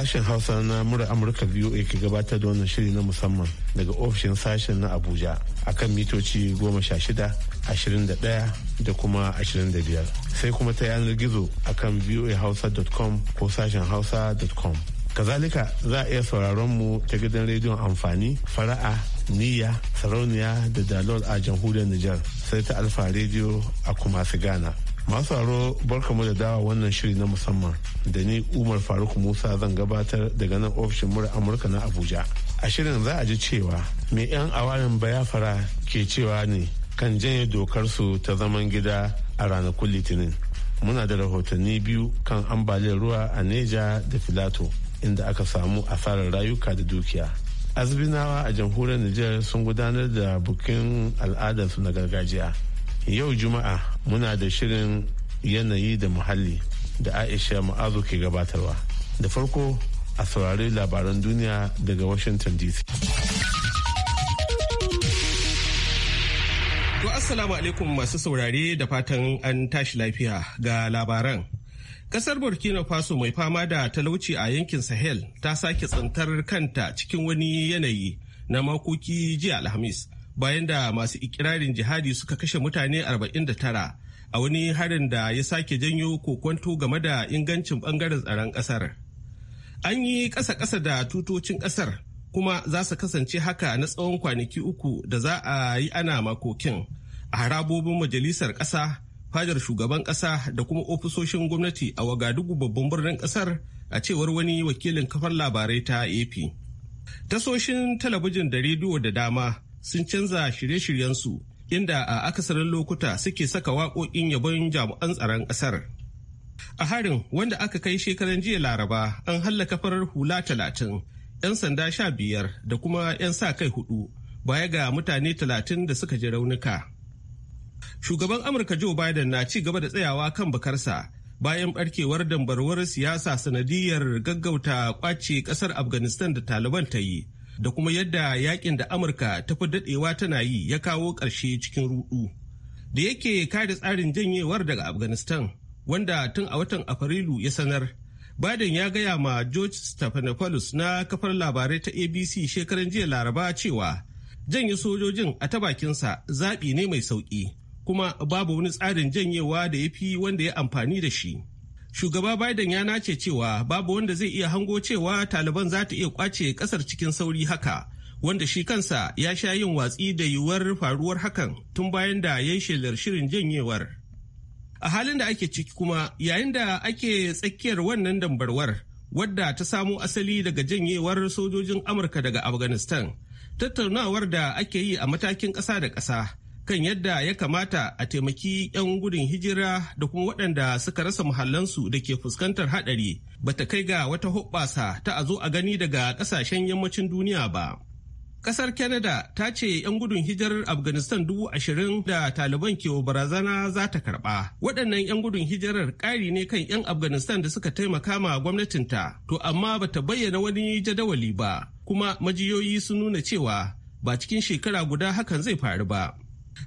sashen hausa na mura amurka voa ke gabatar da wannan shiri na musamman daga ofishin sashen na abuja akan mitoci goma sha shida ashirin da ɗaya da kuma ashirin da biyar sai kuma ta yanar gizo a akan voahausa.com ko sashen hausa.com kazalika za a iya sauraron mu ta gidan rediyon amfani fara'a niyya sarauniya da dalol a jamhuriyar nijar sai ta alfa rediyo a kumasi ghana masu haro aro mu da dawa wannan shiri na musamman da ni umar faruk musa zan gabatar daga nan ofishin mura amurka na abuja a shirin za a ji cewa mai 'yan awarin bayafara ke cewa ne kan janye dokar su ta zaman gida a ranakun litinin muna da rahotanni biyu kan ambaliyar ruwa a neja da filato inda aka samu asarar rayuka da dukiya azbinawa a jamhuriyar nijar sun gudanar da bukin al'adarsu na gargajiya yau juma'a muna da shirin yanayi da muhalli da aisha ma'azu ke gabatarwa da farko a saurari labaran duniya daga washington dc to assalamu alaikum masu saurare da fatan an tashi lafiya ga labaran kasar burkina faso mai fama da talauci a yankin sahel ta sake tsantar kanta cikin wani yanayi na makoki jiya alhamis bayan da masu ikirarin jihadi suka kashe mutane 49 a wani harin da ya sake janyo kokwanto game da ingancin bangaren tsaron kasar. An yi ƙasa-ƙasa da tutocin ƙasar kuma za su kasance haka na tsawon kwanaki uku da za a yi ana makokin a harabobin majalisar ƙasa, Fajar shugaban ƙasa da kuma ofisoshin gwamnati a Wagadugu babban birnin ƙasar a cewar wani wakilin kafar labarai ta AP. Tasoshin talabijin da rediyo da dama sun canza shirye-shiryensu inda a akasarin lokuta suke saka waƙoƙin yabon jami'an tsaron ƙasar. A harin wanda aka kai shekaran jiya Laraba an hallaka farar hula talatin, 'yan sanda sha biyar da kuma 'yan sa kai hudu baya ga mutane talatin da suka ji raunuka. Shugaban Amurka Joe Biden na ci gaba da tsayawa kan bakarsa bayan barkewar dambarwar siyasa sanadiyar gaggauta kwace kasar Afghanistan da Taliban ta yi. da kuma yadda yakin da amurka ta fi dadewa tana yi ya kawo ƙarshe cikin rudu da yake kare tsarin janyewar daga afghanistan wanda tun a watan afrilu ya sanar biden ya gaya ma george stephanopoulos na kafar labarai ta abc shekaran jiya laraba cewa janye sojojin a ta bakinsa zaɓi ne mai sauƙi kuma babu wani tsarin janyewa da ya fi wanda ya amfani da shi shugaba biden ya nace cewa babu wanda zai iya hango cewa taliban za ta iya kwace kasar cikin sauri haka wanda shi kansa ya sha yin watsi da yiwuwar faruwar hakan tun bayan da ya yi shelar shirin janyewar a halin da ake ciki kuma yayin da ake tsakiyar wannan dambarwar wadda ta samo asali daga janyewar sojojin amurka daga afghanistan tattaunawar da ake yi a matakin ƙasa da ƙasa kan yadda ya kamata a taimaki 'yan gudun hijira da kuma waɗanda suka rasa muhallansu da ke fuskantar haɗari bata kai ga wata hoɓɓasa ta a zo a gani daga ƙasashen yammacin duniya ba. Ƙasar Canada ta ce 'yan gudun hijirar Afghanistan dubu ashirin da Taliban ke barazana za ta karɓa. Waɗannan 'yan gudun hijirar ƙari ne kan 'yan Afghanistan da suka taimaka ma gwamnatinta, to amma ba ta bayyana wani jadawali ba, kuma majiyoyi sun nuna cewa ba cikin shekara guda hakan zai faru ba.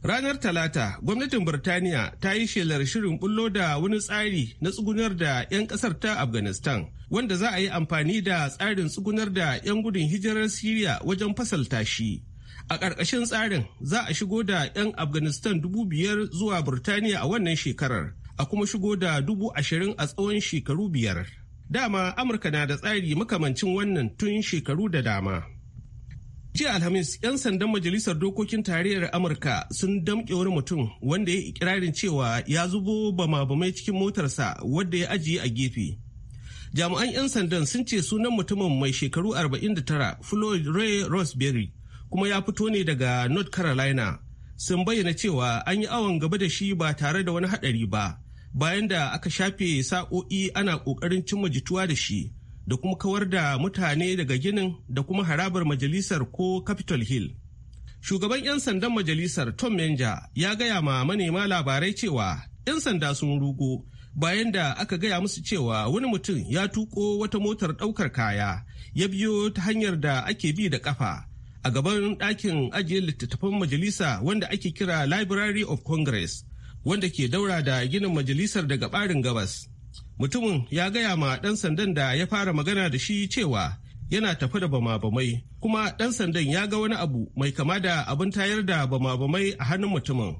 Ranar Talata, gwamnatin Birtaniya ta yi shelar shirin bullo da wani tsari na tsugunar da 'yan ƙasar ta Afghanistan, wanda za a yi amfani da tsarin tsugunar da 'yan gudun hijirar Siriya wajen fasalta shi. A ƙarƙashin tsarin za a shigo da 'yan Afghanistan dubu biyar zuwa Birtaniya a wannan shekarar, a kuma shigo da dubu ashirin a tsawon shekaru biyar. Dama Amurka na da tsari makamancin wannan tun shekaru da dama. Jiya Alhamis, 'yan sandan Majalisar Dokokin Tarayyar Amurka sun damƙe wani mutum wanda ya ikirarin cewa ya zubo bama-bamai cikin motarsa wadda ya ajiye a gefe. Jami'an 'yan sandan sun ce sunan mutumin mai shekaru 49 Floyd Ray Roseberry kuma ya fito ne daga North Carolina. Sun bayyana cewa an yi awon gaba da shi ba tare da wani haɗari ba, bayan da aka shafe sa'o'i ana ƙoƙarin cimma jituwa da shi. da kuma kawar da mutane daga ginin da kuma harabar majalisar ko capitol hill shugaban 'yan sandan majalisar tom menja ya gaya ma manema labarai cewa 'yan sanda sun rugo bayan da aka gaya musu cewa wani mutum ya tuko wata motar ɗaukar kaya ya biyo ta hanyar da ake bi da kafa a gaban ɗakin ajiye littattafan majalisa wanda ake kira library of congress wanda ke daura da ginin majalisar daga ɓarin gabas Mutumin ya gaya ma ɗan sandan da ya fara magana da shi cewa yana tafi da bamabamai kuma ɗan sandan ya ga wani abu mai kama da abin tayar da bamabamai a hannun mutumin.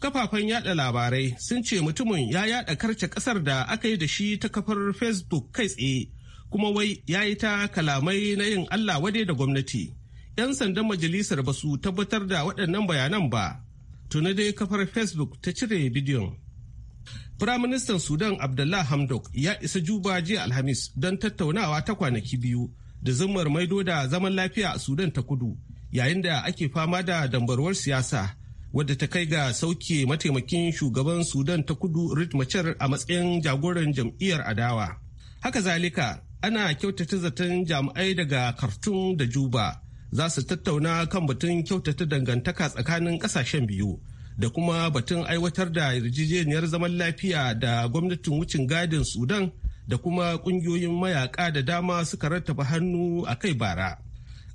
Kafafen yada labarai sun ce mutumin ya yada karce kasar da aka yi da shi ta kafar Facebook kai tsaye kuma wai ya yi ta kalamai na yin Allah wade da gwamnati. 'Yan sandan majalisar ba su tabbatar da waɗannan bayanan ba. Tuna dai kafar Facebook ta cire bidiyon. Firaministan Sudan Abdullah Hamdok ya isa Juba jiya Alhamis don tattaunawa ta kwanaki biyu da zimmar maido da zaman lafiya a Sudan ta kudu yayin da ake fama da dambarwar siyasa wadda ta kai ga sauke mataimakin shugaban Sudan ta kudu Rit a matsayin jagoran jam'iyyar adawa. Haka zalika ana kyautata zaton jami'ai daga Khartoum da Juba za su tattauna kan batun kyautata dangantaka tsakanin ƙasashen biyu. da kuma batun aiwatar da yarjejeniyar zaman lafiya da gwamnatin wucin gadin sudan da kuma kungiyoyin mayaka da dama suka rattaba hannu a kai bara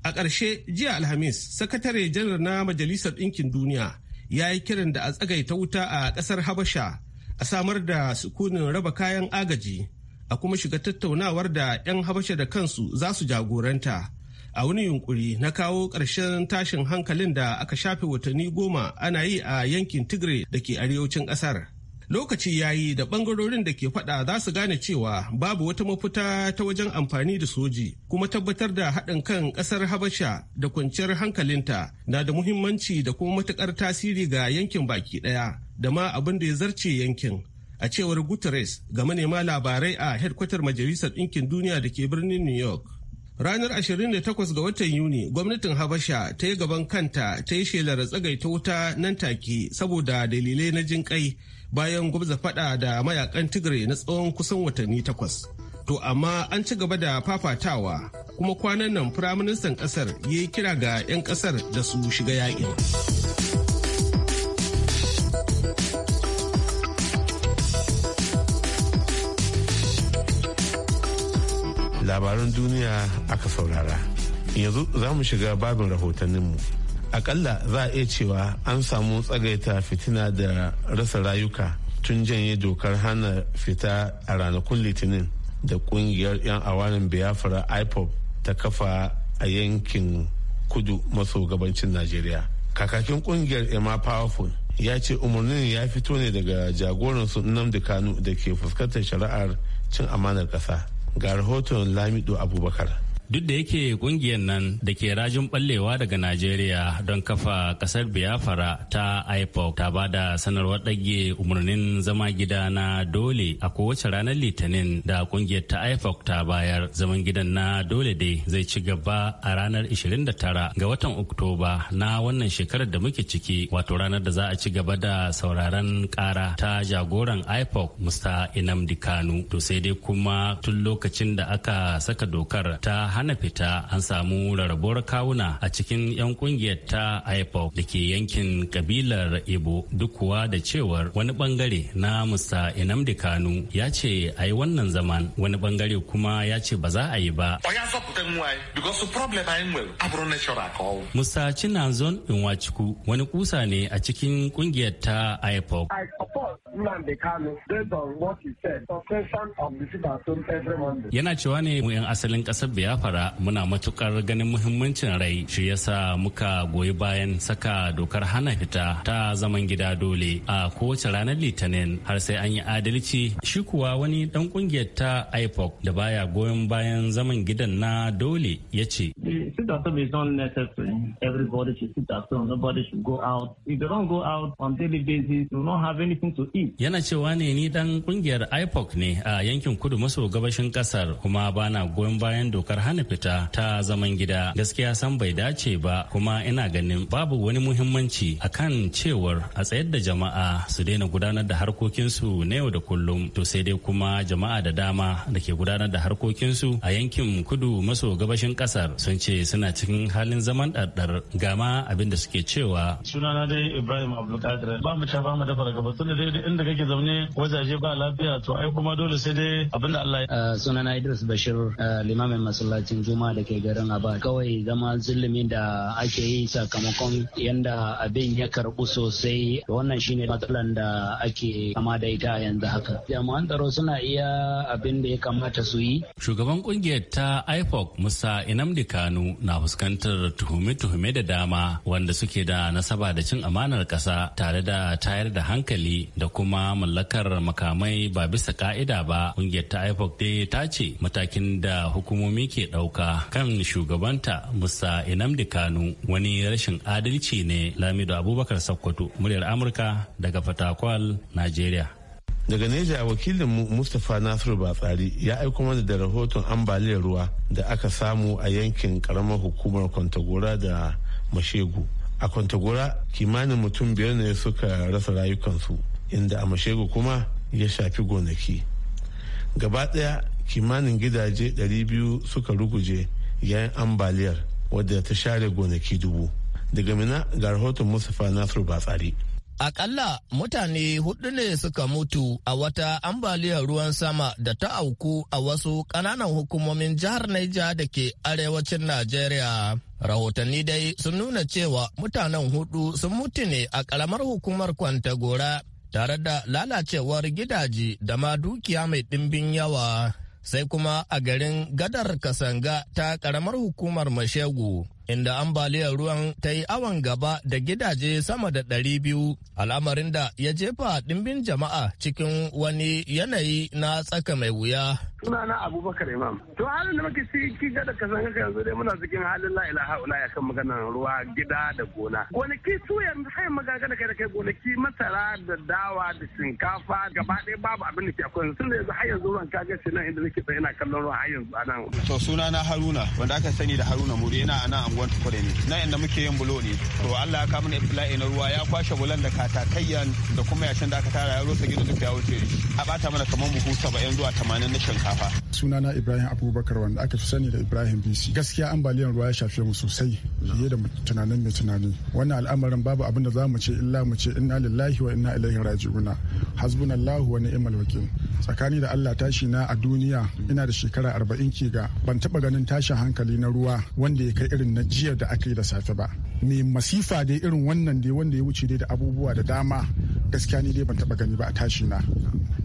a ƙarshe jiya alhamis sakatare janar na majalisar ɗinkin duniya ya yi kiran da a tsagaita wuta a ƙasar habasha a samar da sukunin raba kayan agaji a kuma shiga tattaunawar da 'yan habasha da kansu za su jagoranta a wani yunkuri na kawo ƙarshen tashin hankalin da aka shafe watanni goma ana yi a yankin tigre da ke arewacin ƙasar lokaci ya yi da ɓangarorin da ke faɗa za su gane cewa babu wata mafuta ta wajen amfani da soji kuma tabbatar da haɗin kan ƙasar habasha da kwanciyar hankalinta na da muhimmanci da kuma matuƙar tasiri ga yankin baki ɗaya da ma abin da ya zarce yankin a cewar guterres ga manema labarai a hedkwatar majalisar ɗinkin duniya da ke birnin new york Ranar 28 ga watan Yuni, gwamnatin Habasha ta yi gaban kanta ta yi shelar tsagaita wuta nan take saboda dalilai na jin kai bayan gwabza fada da mayakan Tigray na tsawon kusan watanni takwas. To amma an ci gaba da fafatawa kuma kwanan nan firaministan ƙasar ya yi kira ga 'yan ƙasar da su shiga yaƙin. labaran duniya aka saurara yanzu za mu shiga babin rahotanninmu akalla za a iya cewa an samu tsagaita fitina da rasa rayuka tun janye dokar hana fita a ranakun litinin da kungiyar 'yan awarin biafra ipop ta kafa a yankin kudu maso gabancin najeriya kakakin kungiyar emma powerful ya ce umarnin ya fito ne daga jagoransu nnamdi kanu da ke fuskantar shari'ar cin amanar ƙasa ga rahoton lamido abubakar duk da yake kungiyar nan da ke rajin ballewa daga najeriya don kafa kasar biafra ta ipoc ta ba da sanarwar ɗage umarnin zama gida na dole a kowace ranar litinin da kungiyar ta ipoc ta bayar zaman gidan na dole dai zai ci gaba a ranar 29 ga watan oktoba na wannan shekarar da muke ciki wato ranar da za a ci gaba da sauraren kara ta jagoran ipoc musta inamdi kanu to sai dai kuma tun lokacin da aka saka dokar ta hana fita an samu rarrabuwar kawuna a cikin 'yan kungiyar ta IPOC da ke yankin kabilar Ibo duk kuwa da cewar wani bangare na Musa Inamdi Kanu ya ce a yi wannan zaman wani bangare kuma ya ce ba za a yi ba. Musa Cinazon Inwachiku wani kusa ne a cikin kungiyar ta IPOC. Nnamdi Kanu based on what he said. Suspension of the every Monday. Yana cewa ne mu 'yan asalin ƙasar Biafra muna matukar ganin muhimmancin rai shi yasa muka goyi bayan saka dokar hana fita ta zaman gida dole a kowace ranar Litinin har sai an yi adalci shi kuwa wani dan kungiyar ta IPOC da baya goyon bayan zaman gidan na dole ya ce. Everybody should sit at home. Nobody should go out. If they don't go out on daily basis, they don't have anything to eat. Yana cewa ne ni dan kungiyar IPOC ne a yankin kudu maso gabashin kasar kuma bana goyon bayan dokar hana fita ta zaman gida. Gaskiya san bai dace ba kuma ina ganin babu wani muhimmanci a kan cewar a tsayar da jama'a su daina gudanar da harkokinsu na yau da kullum to sai dai kuma jama'a da dama da ke gudanar da harkokinsu a yankin kudu maso gabashin kasar sun ce suna cikin halin zaman ɗarɗar gama abin da suke cewa. Sunana dai Ibrahim Abdulkadir ba mu ta ba mu dafa daga batun da dai inda kake zaune wajaje ba lafiya to ai kuma dole sai dai abin da Allah ya eh, sunana Idris Bashir eh, limamin masallacin juma da ke garin Aba kawai zama zulumi da ake yi sakamakon yanda abin ya karbu sosai wannan shine matsalan da ake kama da ita yanzu haka jami'an tsaro suna iya abin da ya kamata su yi shugaban kungiyar ta IFOC Musa Inamdi Kanu na fuskantar tuhume-tuhume da dama wanda suke da nasaba da cin amanar kasa tare da tayar da hankali da kuma mallakar makamai ba bisa ka'ida ba ƙungiyar ta ipoc dai ta ce matakin da hukumomi ke ɗauka kan shugabanta musa inamdi kanu wani rashin adalci ne lamido abubakar sakkwato muryar amurka daga fatakwal nigeria daga neja wakilin mustapha nasiru batsari ya aiko mana da rahoton ambaliyar ruwa da aka samu a yankin karamar hukumar kwantagora da mashegu a kwantagora kimanin mutum biyar ne suka rasa rayukansu inda amashegu kuma ya shafi gonaki gaba daya kimanin gidaje 200 suka ruguje yayin ambaliyar wadda ta share gonaki dubu daga mina ga rahoton musafa nasiru batsari Akalla mutane hudu ne suka mutu a wata ambaliyar ruwan sama da ta auku a wasu ƙananan hukumomin jihar Naija da ke arewacin Najeriya. Rahotanni dai sun nuna cewa mutanen hudu sun mutu ne a ƙaramar hukumar Kwantagora tare da lalacewar gidaje da ma dukiya mai ɗimbin yawa sai kuma a garin gadar kasanga ta ƙaramar hukumar mashegu inda ambaliyar ruwan ta yi awon gaba da gidaje sama da ɗari biyu al'amarin da ya jefa ɗimbin jama'a cikin wani yanayi na tsaka mai wuya. Sunana Abubakar Imam. To halin da muke ciki ga da kasan haka yanzu dai muna cikin halin la ilaha illa ya kan maganar ruwa gida da gona. Gonaki su yanzu sai magana da kai da kai gonaki masara da dawa da shinkafa gaba ɗaya babu abin da ke akwai yanzu da yanzu har yanzu ruwan kaga shi nan inda nake tsaye ina kallon ruwa har yanzu a nan. To sunana Haruna wanda aka sani da Haruna Muri yana a nan unguwan tukure ne na inda muke yin bulo ne to Allah ya kawo mana ifla'i na ruwa ya kwashe bulan da katakayyan da kuma yashin da aka tara ya rusa gidan duk ya wuce a bata mana kamar buhu saba'in zuwa tamanin na shinkafa sunana Ibrahim Abubakar wanda aka fi sani da Ibrahim BC gaskiya ambaliyar ruwa ya shafe mu sosai fiye da tunanin mai tunani wannan al'amarin babu abin da za mu ce illa mu ce inna lillahi wa inna ilaihi raji'un hasbunallahu wa ni'mal wakil tsakani da Allah tashi na a duniya ina da shekara arba'in ke ga ban taba ganin tashin hankali na ruwa wanda ya kai irin na jiya da aka yi da safe ba me masifa dai irin wannan dai wanda ya wuce dai da abubuwa da dama gaskiya ne dai ban taba gani ba a tashi na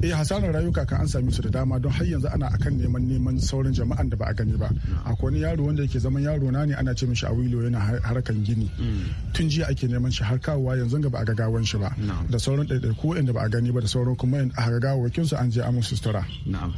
eh hasarar rayuka kan an same su da dama don har yanzu ana akan neman neman sauran jama'an da ba a gani ba akwai wani yaro wanda yake zaman yaro na ne ana ce mishi awilo yana harkan gini mm. tun jiya ake neman shi har kawowa yanzu ga ba a gagawan shi ba da sauran ɗaiɗaiku inda ba a gani ba da sauran kuma a gagawakin su an je amin sutura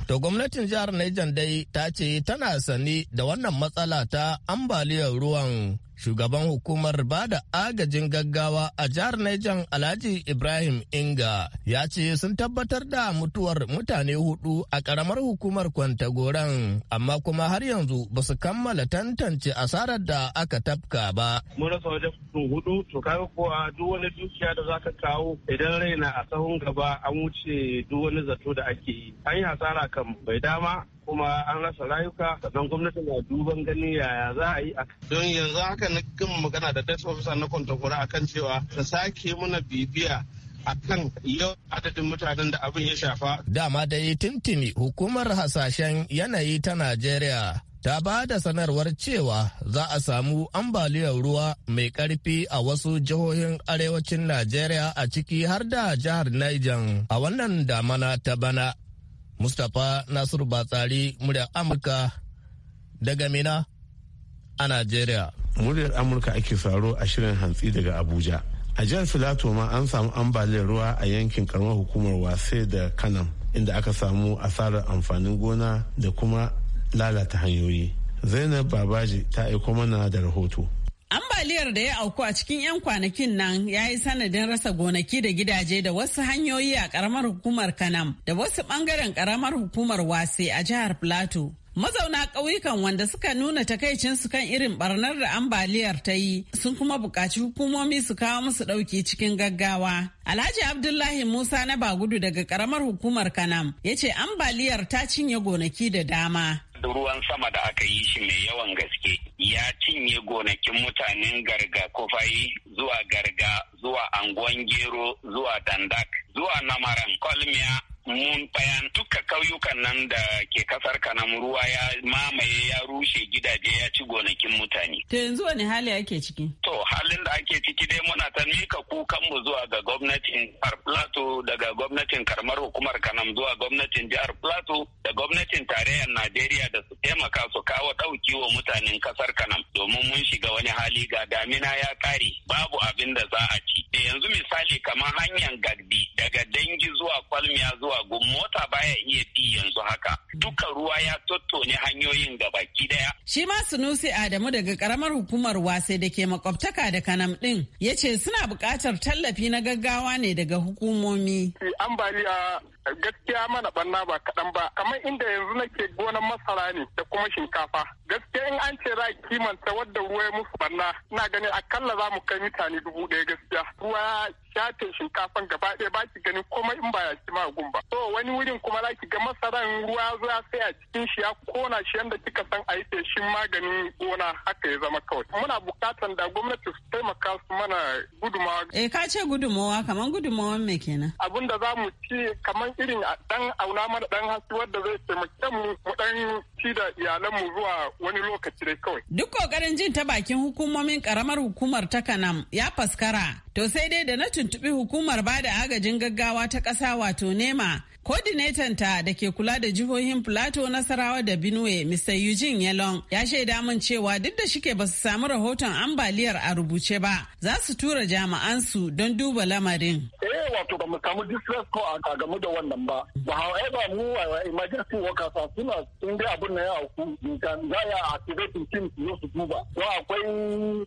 to gwamnatin jihar Niger dai ta ce tana sani da wannan matsala ta ambaliyar ruwan shugaban hukumar ba da agajin gaggawa a jihar Niger Alhaji Ibrahim Inga ya ce sun tabbatar da mutuwar mutane hudu a karamar hukumar Kwantagoran amma kuma har yanzu ba su kammala tantance asarar da aka tafka ba. Mun rasa wajen hudu to kaga kuwa duk wani dukiya da zaka kawo idan raina a sahun gaba an wuce duk wani zato da ake yi. An yi hasara kan bai dama kuma an rasa rayuka sannan gwamnati na duban gani yaya za a yi a don yanzu haka na kan magana da desk officer na kwantagora akan cewa ta sake muna bibiya akan yau adadin mutanen da abin ya shafa. Dama da yi tintini hukumar hasashen yanayi ta Najeriya ta ba da sanarwar cewa za a samu ambaliyar ruwa mai karfi a wasu jihohin arewacin Najeriya a ciki har da jihar Niger a wannan damana ta bana Mustapha Nasiru Batsari muryar Amurka daga Mina a Najeriya. Muryar Amurka ake saro a shirin hantsi daga Abuja. A jihar Filato ma an samu ambaliyar ruwa a yankin karamar hukumar Wase da Kanam inda aka samu asarar amfanin gona da kuma lalata hanyoyi. Zainab Babaji ta aiko mana da rahoto. Ambaliyar da ya auku a cikin 'yan kwanakin nan ya yi sanadin rasa gonaki da gidaje da wasu hanyoyi a karamar hukumar Kanam da wasu bangaren karamar hukumar Wase a jihar Plateau. Mazauna ƙauyukan wanda suka nuna takaicin su kan irin barnar da ambaliyar ta yi sun kuma buƙaci hukumomi su kawo musu ɗauki cikin gaggawa. Alhaji Abdullahi Musa na Bagudu daga karamar hukumar Kanam ya ce ambaliyar ta cinye gonaki da dama. ruwan sama da aka yi shi mai yawan gaske ya cinye gonakin mutanen garga kofayi zuwa garga zuwa angon gero zuwa dandak zuwa namaran kwalmiya mun bayan duka kauyukan nan da ke kasar kanam ruwa ya mamaye ya rushe gidaje ya ci gonakin mutane. To yanzu wani hali ake ciki? To halin da ake ciki dai muna kukanmu zuwa ga gwamnatin jihar plateau daga gwamnatin karmar hukumar kanam zuwa gwamnatin jihar plateau da gwamnatin tarayyar najeriya da su taimaka su kawo ɗauki wa mutanen kasar kanam domin mun shiga wani hali ga damina ya ƙare babu abin da za a ci yanzu misali kamar hanyar gadi daga dangin. zuwa kwalmiya zuwa gun mota baya iya bi yanzu haka duka ruwa ya tattone hanyoyin baki daya shi ma sunusi adamu daga karamar hukumar wase da ke makwabtaka da kanam din ya ce suna buƙatar tallafi na gaggawa ne daga hukumomi ambaliya gaskiya mana banna ba kaɗan ba kamar inda yanzu nake gonan masara ne da kuma shinkafa gaskiya in an ce za kimanta wadda ruwa ya musu banna ina gani akalla za mu kai mutane dubu ɗaya gaskiya ruwa ya shafe shinkafan gaba ɗaya ba ki ganin komai in ba ya ci gun ba to wani wurin kuma za ki ga masaran ruwa ya zo ya sai a cikin shi ya kona shi yanda kika san a yi feshin maganin gona haka ya zama kawai muna bukatan da gwamnati su taimaka su mana gudumawa. eh ka ce gudumawa kamar gudumawan me kenan. abin da za mu ci kamar irin dan auna mana dan hasuwar da zai taimake mu mu dan shi da iyalanmu zuwa wani lokaci dai kawai. Duk kokarin jin ta bakin hukumomin karamar hukumar ta Kanam ya faskara. To sai dai da na tuntuɓi hukumar bada agajin gaggawa ta ƙasa wato nema. ta da ke kula da jihohin Plateau Nasarawa da Benue, Mr. Eugene Yalon, ya shaida min cewa duk da shike ba su samu rahoton ambaliyar a rubuce ba, za su tura jami'ansu don duba lamarin. Eh wato ba mu samu distress ko a game da wannan ba. Ba ba mu a uh, emergency workers suna sun abin na ya auku za a activate team su zo su duba ko akwai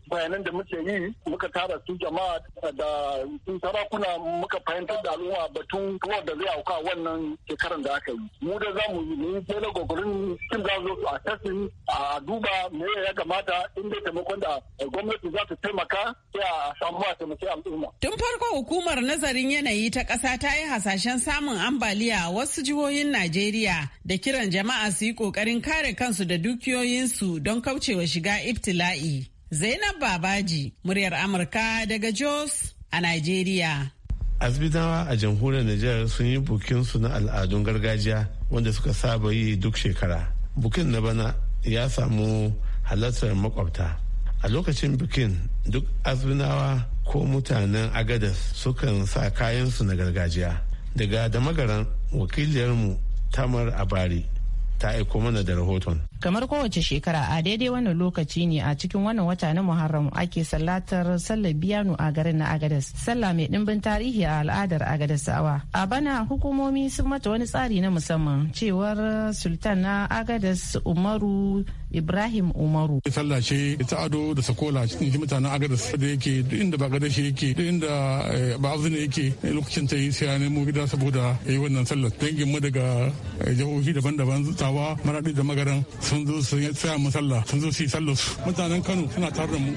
bayanan da muke yi muka tara su jama'a da sun sarakuna muka fahimtar da al'umma batun kawai da zai auka wannan shekaran da aka yi mu da za mu yi sai na gogorin team za zo a tasin a duba me ya kamata inda taimakon da gwamnati za ta taimaka Tun farko hukumar nazarin yanayi ta ƙasa ta yi hasashen samun ambaliya a wasu jihohin Najeriya da kiran jama'a su yi ƙoƙarin kare kansu da dukiyoyinsu don kaucewa shiga ibtila'i. Zainab Babaji, muryar Amurka daga Jos a Najeriya. Asibitawa a jamhuriyar Nijar sun yi bukinsu na al'adun gargajiya wanda suka saba yi duk shekara. Bukin na bana ya samu halartar makwabta. A lokacin bukin. duk azunawa ko mutanen agadas sukan sa kayansu na gargajiya daga da magaran wakiliyarmu tamar abari ta aiko mana da rahoton kamar kowace shekara a daidai wannan lokaci ne a cikin wannan wata na muharram ake sallatar sallar biyanu a garin na agadas sallah mai dimbin tarihi a al'adar agadasawa a bana hukumomi sun mata wani tsari na musamman cewar sultan na agadas umaru ibrahim umaru sallah ce ta ado da sakola cikin mutanen agadas da yake duk inda ba shi yake duk inda eh, ba ne yake eh, lokacin ta yi sai nemo gida saboda yi wannan sallar dangin mu daga eh, jihohi daban-daban tawa maradi da magaran sun zo su yi tsaya musalla sun zo su yi sallah mutanen kano suna tare da mu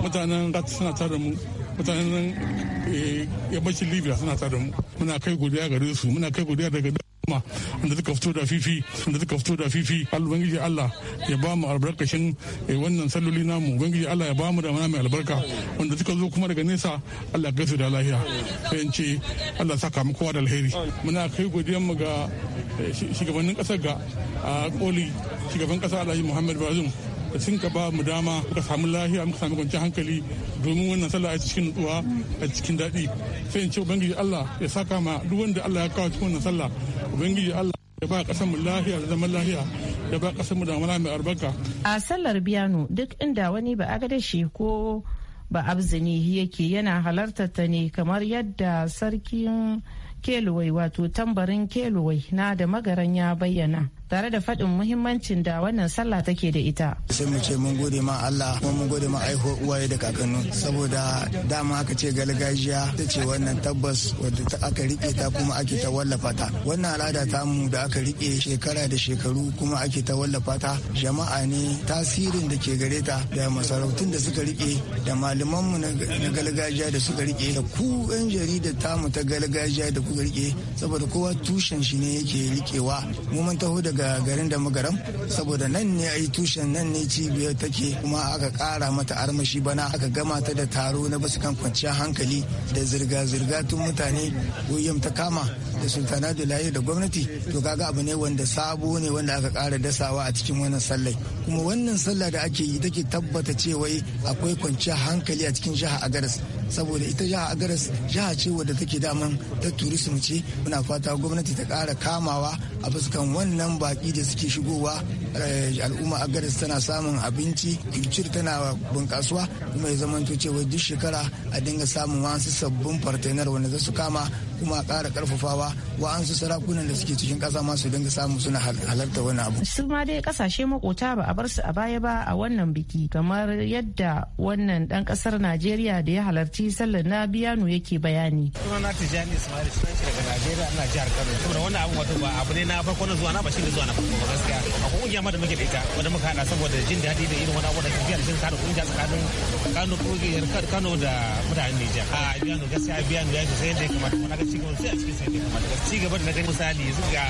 mutanen gat suna tare da mu mutanen eh, yammacin libya suna tare da mu muna kai godiya gare su muna kai godiya daga ma wanda suka fito da fifi wanda suka fito da fifi ubangiji Allah ya ba mu albarkashin eh, wannan salloli namu ubangiji Allah ya ba mu da mana mai albarka wanda suka zo kuma daga nesa Allah ya gaisu da lafiya sai ce Allah saka mu kowa da alheri muna kai godiyan mu ga eh, shugabannin kasar ga a koli shugaban kasa Alhaji Muhammad Bazoum sun ka ba mu dama ka samu lahiya muka samu kwanciyar hankali domin wannan sallah a cikin nutsuwa a cikin daɗi sai in ce ubangiji Allah ya saka ma duk wanda Allah ya kawo cikin wannan sallah ubangiji Allah ya ba ƙasar mu lahiya da zaman lahiya ya ba ƙasar mu da mai albarka a sallar biyano duk inda wani ba a shi ko ba abzini yake yana halartar ta ne kamar yadda sarkin keluwai wato tambarin keluwai na da magaran ya bayyana tare da faɗin muhimmancin da wannan sallah take da ita. Sai mu ce mun gode ma Allah kuma mun gode ma aiho uwaye da kakannu saboda dama aka ce galgajiya ta ce wannan tabbas wadda aka rike ta kuma ake ta wallafa ta. Wannan al'ada ta mu da aka rike shekara da shekaru kuma ake ta wallafa ta jama'a ne tasirin da ke gare ta da masarautun da suka rike da malamanmu na galgajiya da suka rike da ku 'yan jarida mu ta galgajiya da kuka rike saboda kowa tushen shi ne yake rikewa mu mun taho daga da garin da magaram saboda nan ne yi tushen nan ne cibiyar take kuma aka kara mata armashi bana aka gama ta da taro na basu kan kwanciyar hankali da zirga-zirga tun mutane goyim ta kama da sultana da da gwamnati to kaga abu ne wanda sabo ne wanda aka kara dasawa a cikin wannan sallai kuma wannan sallah da ake yi take tabbata cewa akwai kwanciyar hankali a cikin jihar agaras saboda ita jihar agaras jiha ce wadda take daman ta turism ce muna fata gwamnati ta kara kamawa a fuskan wannan ba baki da suke shigowa eh, al'umma a garis tana samun abinci kirkir tana bunkasuwa kuma ya zamanto cewa duk shekara a dinga samun wasu sabbin fartenar wanda za su kama kuma a ƙara ƙarfafawa wa'ansu sarakunan da suke cikin kasa masu dinga samu suna halarta wani abu. su ma dai ƙasashe makota ba a bar su a baya ba a wannan biki kamar yadda wannan dan ƙasar najeriya da ya halarci sallar na biyanu yake bayani. sunana tijjani ismail sunan shi daga najeriya ana jihar kano saboda wannan abu wato ba abu ne na farko na zuwa na ba shi ne zuwa na farko gaskiya kungiya ma da muke da ita wanda muka hada saboda jin daɗi da irin wani abu da tafiya da shi kada kungiya tsakanin Kano kungiyar Kano da mutanen Nijar a biya no gaskiya biya no ya ce sai da kamata kuma naga cigaba sai a cikin sai da kamata cigaba da naga misali yanzu ga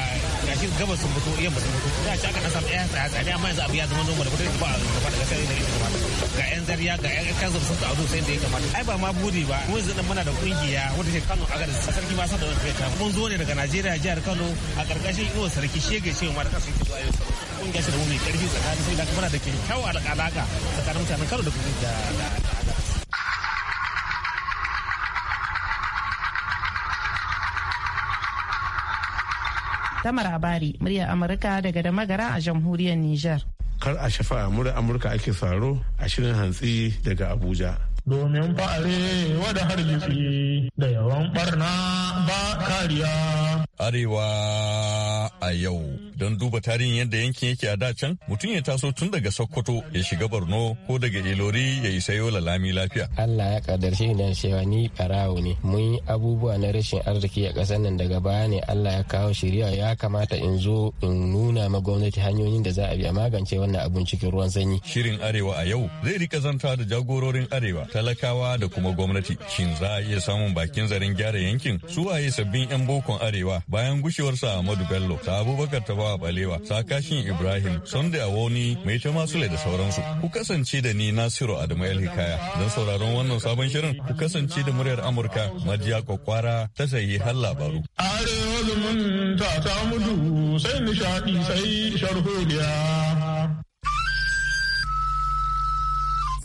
gashi gaba sun fito yamma sun fito a ci aka dan samu ɗaya tsaya tsaya amma yanzu abu ya zama da kuma ba gaba da gaskiya da ya kamata ga yan zariya ga yan kanzu sun tsaro sai da ya kamata ai ba ma buri ba mun yanzu dan muna da kungiya wanda ke Kano a garin sarki ma sa da wani mun zo ne daga Najeriya jihar Kano a karkashin iwo sarki shege shege ma da kasu yake zuwa yau kungiya shirin da mai karfi tsakanin sai da muna da kyakkyawar alaka tsakanin mutanen karo da da Ta Marabari murya Amurka daga da magara a jamhuriyar Nijar. Kar a shafa murar Amurka ake saro a shirin hantsi daga Abuja. Domin fa'are da hargitsi da yawan barna ba kariya. Arewa a yau. Don duba tarihin yadda yankin yake a dacan mutum ya taso tun daga Sokoto ya shiga Borno ko daga Ilori ya isa Yola lami lafiya. Allah ya kadarci da cewa ni barawo ne. Mun yi abubuwa na rashin arziki a ƙasar nan daga baya ne Allah ya kawo shari'a ya kamata in zo in nuna ma gwamnati hanyoyin da za a bi a magance wannan abun cikin ruwan sanyi. Shirin Arewa a yau zai rika zanta da jagororin Arewa, talakawa da kuma gwamnati. Shin za a iya samun bakin zaren gyara yankin? Su waye sabbin 'yan bokon Arewa bayan gushewarsa Ahmadu Bello, ta Abubakar bawa Balewa, Sakashin Ibrahim, Sunday Awoni, Mai ta masu da sauransu. Ku kasance da ni Nasiru Adamu El Hikaya don sauraron wannan sabon shirin ku kasance da muryar Amurka Majiya Kwakwara ta sayi har labaru. Arewa zumunta ta mudu sai nishaɗi sai sharholiya.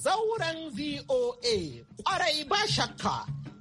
sauran VOA. Ƙwarai ba shakka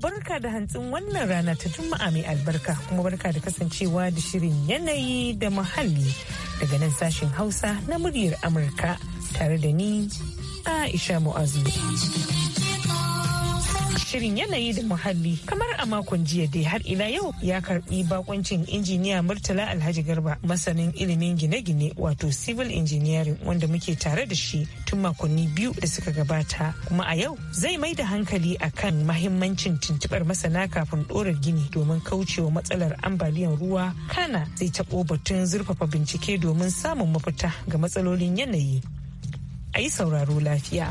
barka da hantsin wannan rana ta Juma'a mai albarka kuma barka da kasancewa da shirin yanayi da muhalli daga nan sashen Hausa na muryar Amurka tare da ni Aisha Mu'azu. shirin yanayi da muhalli kamar a makon jiya dai har ila yau ya karbi bakoncin injiniya murtala alhaji garba masanin ilimin gine-gine wato civil engineering wanda muke tare da shi tun makonni biyu da suka gabata kuma a yau zai mai da hankali a kan mahimmancin tuntubar masana kafin ɗorar gini domin kaucewa matsalar ambaliyar ruwa kana zai taɓo batun zurfafa bincike domin samun mafita ga matsalolin yanayi a yi sauraro lafiya.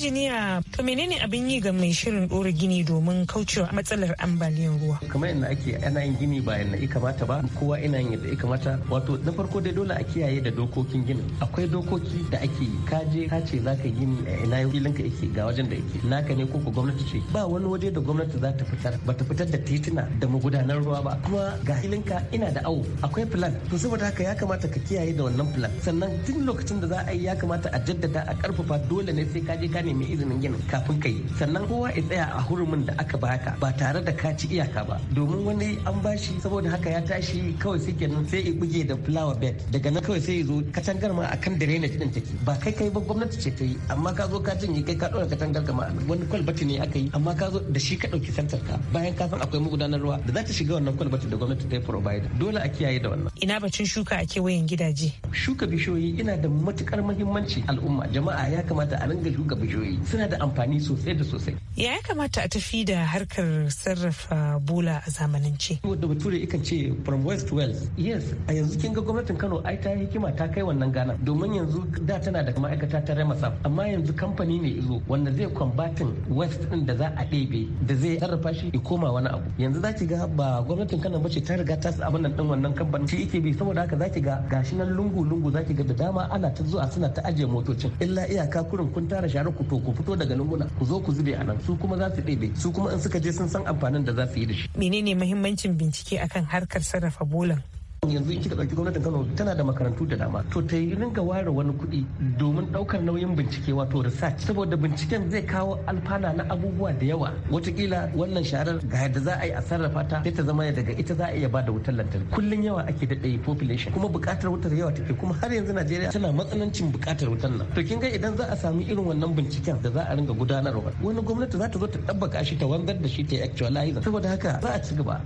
injiniya to menene abin yi ga mai shirin ɗora gini domin kaucewa matsalar ambaliyar ruwa kamar yadda ake ana yin gini ba yadda ika kamata ba kowa ina yin yadda ika kamata wato na farko dai dole a kiyaye da dokokin gini akwai dokoki da ake yi ka je ka ce zaka gini a ina filin ka yake ga wajen da yake naka ne ko gwamnati ce ba wani waje da gwamnati za ta fitar ba ta fitar da tituna da magudanar ruwa ba kuma ga filin ina da awo akwai plan to saboda haka ya kamata ka kiyaye da wannan plan sannan tun lokacin da za a yi ya kamata a jaddada a karfafa dole ne sai ka je ka nemi izinin ginin kafin ka yi sannan kowa ya tsaya a hurumin da aka baka ba tare da kaci iyaka ba domin wani an bashi saboda haka ya tashi kawai sai kenan sai ya buge da flower bed daga nan kawai sai ya zo katangar ma akan drainage din take ba kai kai ba gwamnati ce ta yi amma ka zo ka yi kai ka ɗora katangar kama wani kwalbati ne aka yi amma ka zo da shi ka dauki santar ka bayan ka san akwai magudanar ruwa da za ta shiga wannan kwalbati da gwamnati ta provide dole a kiyaye da wannan. ina batun shuka a kewayen gidaje. shuka bishiyoyi ina da matukar muhimmanci al'umma jama'a ya kamata a ringa shuka bishoyi hanyoyi suna da amfani sosai da sosai. Ya ya kamata a tafi da harkar sarrafa bola a zamanance? Wadda bature ikan ce from west to west. Yes, a yanzu kin ga gwamnatin Kano ai ta hikima ta kai wannan gana domin yanzu da tana da ma'aikata ta remasa amma yanzu kamfani ne izo wanda zai kwambatin west din da za a ɗebe da zai sarrafa shi ya koma wani abu. Yanzu za ki ga ba gwamnatin Kano ba ce ta riga ta abin nan din wannan kamfanin shi yake bi saboda haka za ki ga gashi nan lungu-lungu za ki ga da dama ana ta zuwa suna ta ajiye motocin illa iyaka kurin kun tara share ku to ku fito daga nan ku zo ku zube a nan su kuma za su ɗebe su kuma in suka je sun san amfanin da za su yi da shi menene muhimmancin bincike akan harkar sarrafa bolan yanzu kika ɗauki gwamnatin kano tana da makarantu da dama to ta yi ringa ware wani kuɗi domin ɗaukar nauyin bincike wato research saboda binciken zai kawo alfana na abubuwa da yawa watakila wannan sharar ga yadda za a yi a sarrafa ta ta zama daga ita za a iya ba da wutar lantarki kullum yawa ake daɗe population kuma buƙatar wutar yawa take kuma har yanzu najeriya tana matsanancin buƙatar wutar nan to kin ga idan za a sami irin wannan binciken da za a ringa gudanarwa wani gwamnati za ta zo ta ɗabbaka shi ta wangar da shi ta actualize saboda haka za a ci gaba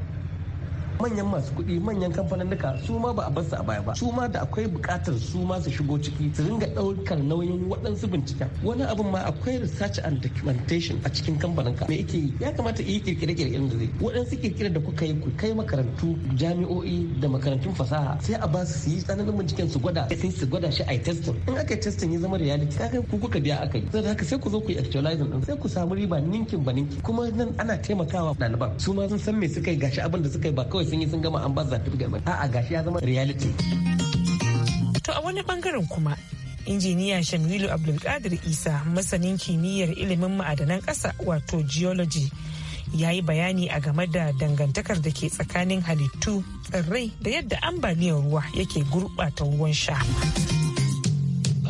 manyan masu kuɗi manyan kamfaninnika su ma ba a bar su a baya ba su ma da akwai buƙatar su ma su shigo ciki su ringa ɗaukar nauyin waɗansu binciken wani abin ma akwai research and documentation a cikin kamfaninka me yake yi ya kamata yi kirkire-kirkiren da zai waɗansu kirkire da kuka yi ku kai makarantu jami'o'i da makarantun fasaha sai a ba su su yi tsananin binciken su gwada sai su gwada shi a yi testing in aka yi testing ya zama reality kaga ku kuka biya aka yi saboda haka sai ku zo ku yi actualizing din sai ku samu riba ninkin ba ninkin kuma nan ana taimakawa ɗaliban su ma sun san me suka yi gashi abin da suka yi ba kawai sun yi sun gama an ba ga ba a'a gashi ya zama reality to a wani bangaren kuma injiniya shamilu abdulkadir isa masanin kimiyyar ilimin ma'adanan ƙasa wato geology ya yi bayani a game da dangantakar da ke tsakanin halittu tsirrai da yadda ambaliyar ruwa yake gurɓata ruwan sha.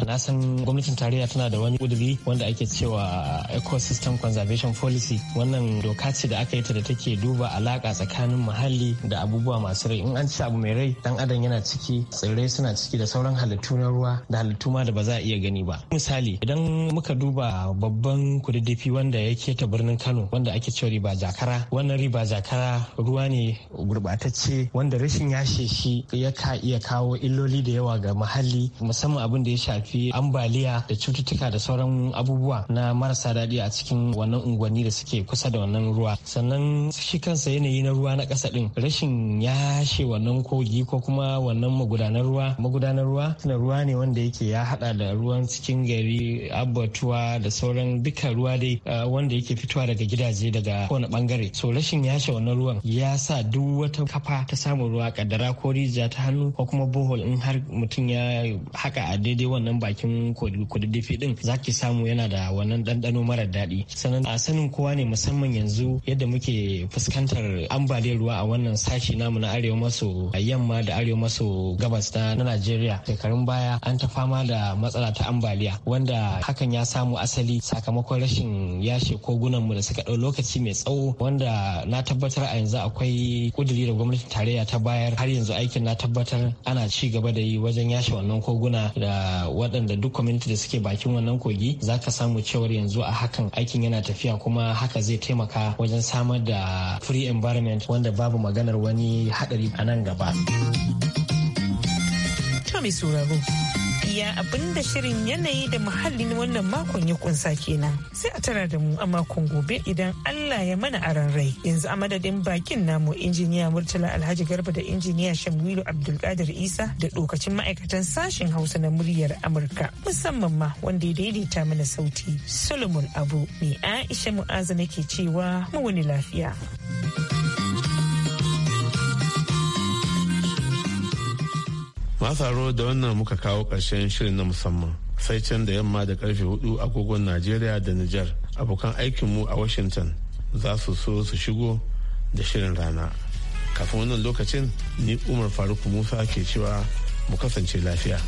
na san gwamnatin tarayya tana da wani kuduri wanda ake cewa ecosystem conservation policy wannan doka ce da aka yi ta da take duba alaka tsakanin muhalli da abubuwa masu rai in an ci abu mai rai dan adam yana ciki tsirrai suna ciki da sauran halittu na ruwa da halittu ma da ba za a iya gani ba misali idan muka duba babban kududdufi wanda ya keta birnin kano wanda ake cewa riba jakara wannan riba jakara ruwa ne gurbatacce wanda rashin yashe shi ya ka iya kawo illoli da yawa ga muhalli musamman abin da ya shafi shafi ambaliya da cututtuka da sauran abubuwa na marasa daɗi a cikin wannan unguwanni da suke kusa da wannan ruwa sannan shi kansa yanayi na ruwa na ƙasa ɗin rashin yashe wannan kogi ko kuma wannan magudanar ruwa magudanar ruwa na ruwa ne wanda yake ya haɗa da ruwan cikin gari abatuwa da sauran duka ruwa dai eh, wanda yake fitowa daga gidaje daga kowane bangare so rashin yashe wannan ruwan ya sa duk wata kafa ta samun ruwa kaddara ko rijiya ta hannu ko kuma bohol in har mutum ya haka a daidai wannan bakin kududdufi din zaki samu yana da wannan ɗanɗano mara daɗi sanan a sanin kowa ne musamman yanzu yadda muke fuskantar ambaliyar ruwa a wannan sashi namu na arewa maso yamma da arewa maso gabas na najeriya shekarun baya an ta fama da matsala ta ambaliya wanda hakan ya samu asali sakamakon rashin yashe kogunanmu da suka ɗau lokaci mai tsawo wanda na tabbatar a yanzu akwai kuduri da gwamnatin tarayya ta bayar har yanzu aikin na tabbatar ana ci gaba da yi wajen yashe wannan koguna da waɗanda duk kwamiti da suke bakin wannan kogi za ka samu cewar yanzu a hakan aikin yana tafiya kuma haka zai taimaka wajen samar da free environment wanda babu maganar wani haɗari a nan gaba. Tommy iya da shirin yanayi da muhalli na wannan makon ya kunsa kenan sai a tara da mu a makon gobe idan allah ya mana aran rai yanzu a madadin bakin namu injiniya murtala alhaji garba da injiniya shamwilu abdulkadir isa da dokacin ma'aikatan sashen hausa na muryar amurka musamman ma wanda ya daidaita mana sauti solomon abu ne aisha mu'azu nake cewa mu wani lafiya. thank you masaro da wannan muka kawo ƙarshen shirin na musamman sai can da yamma da karfe hudu agogon najeriya da nijar abokan aikinmu a washington za su so su shigo da shirin rana kafin wannan lokacin ni umar faruk musa ke cewa mu kasance lafiya.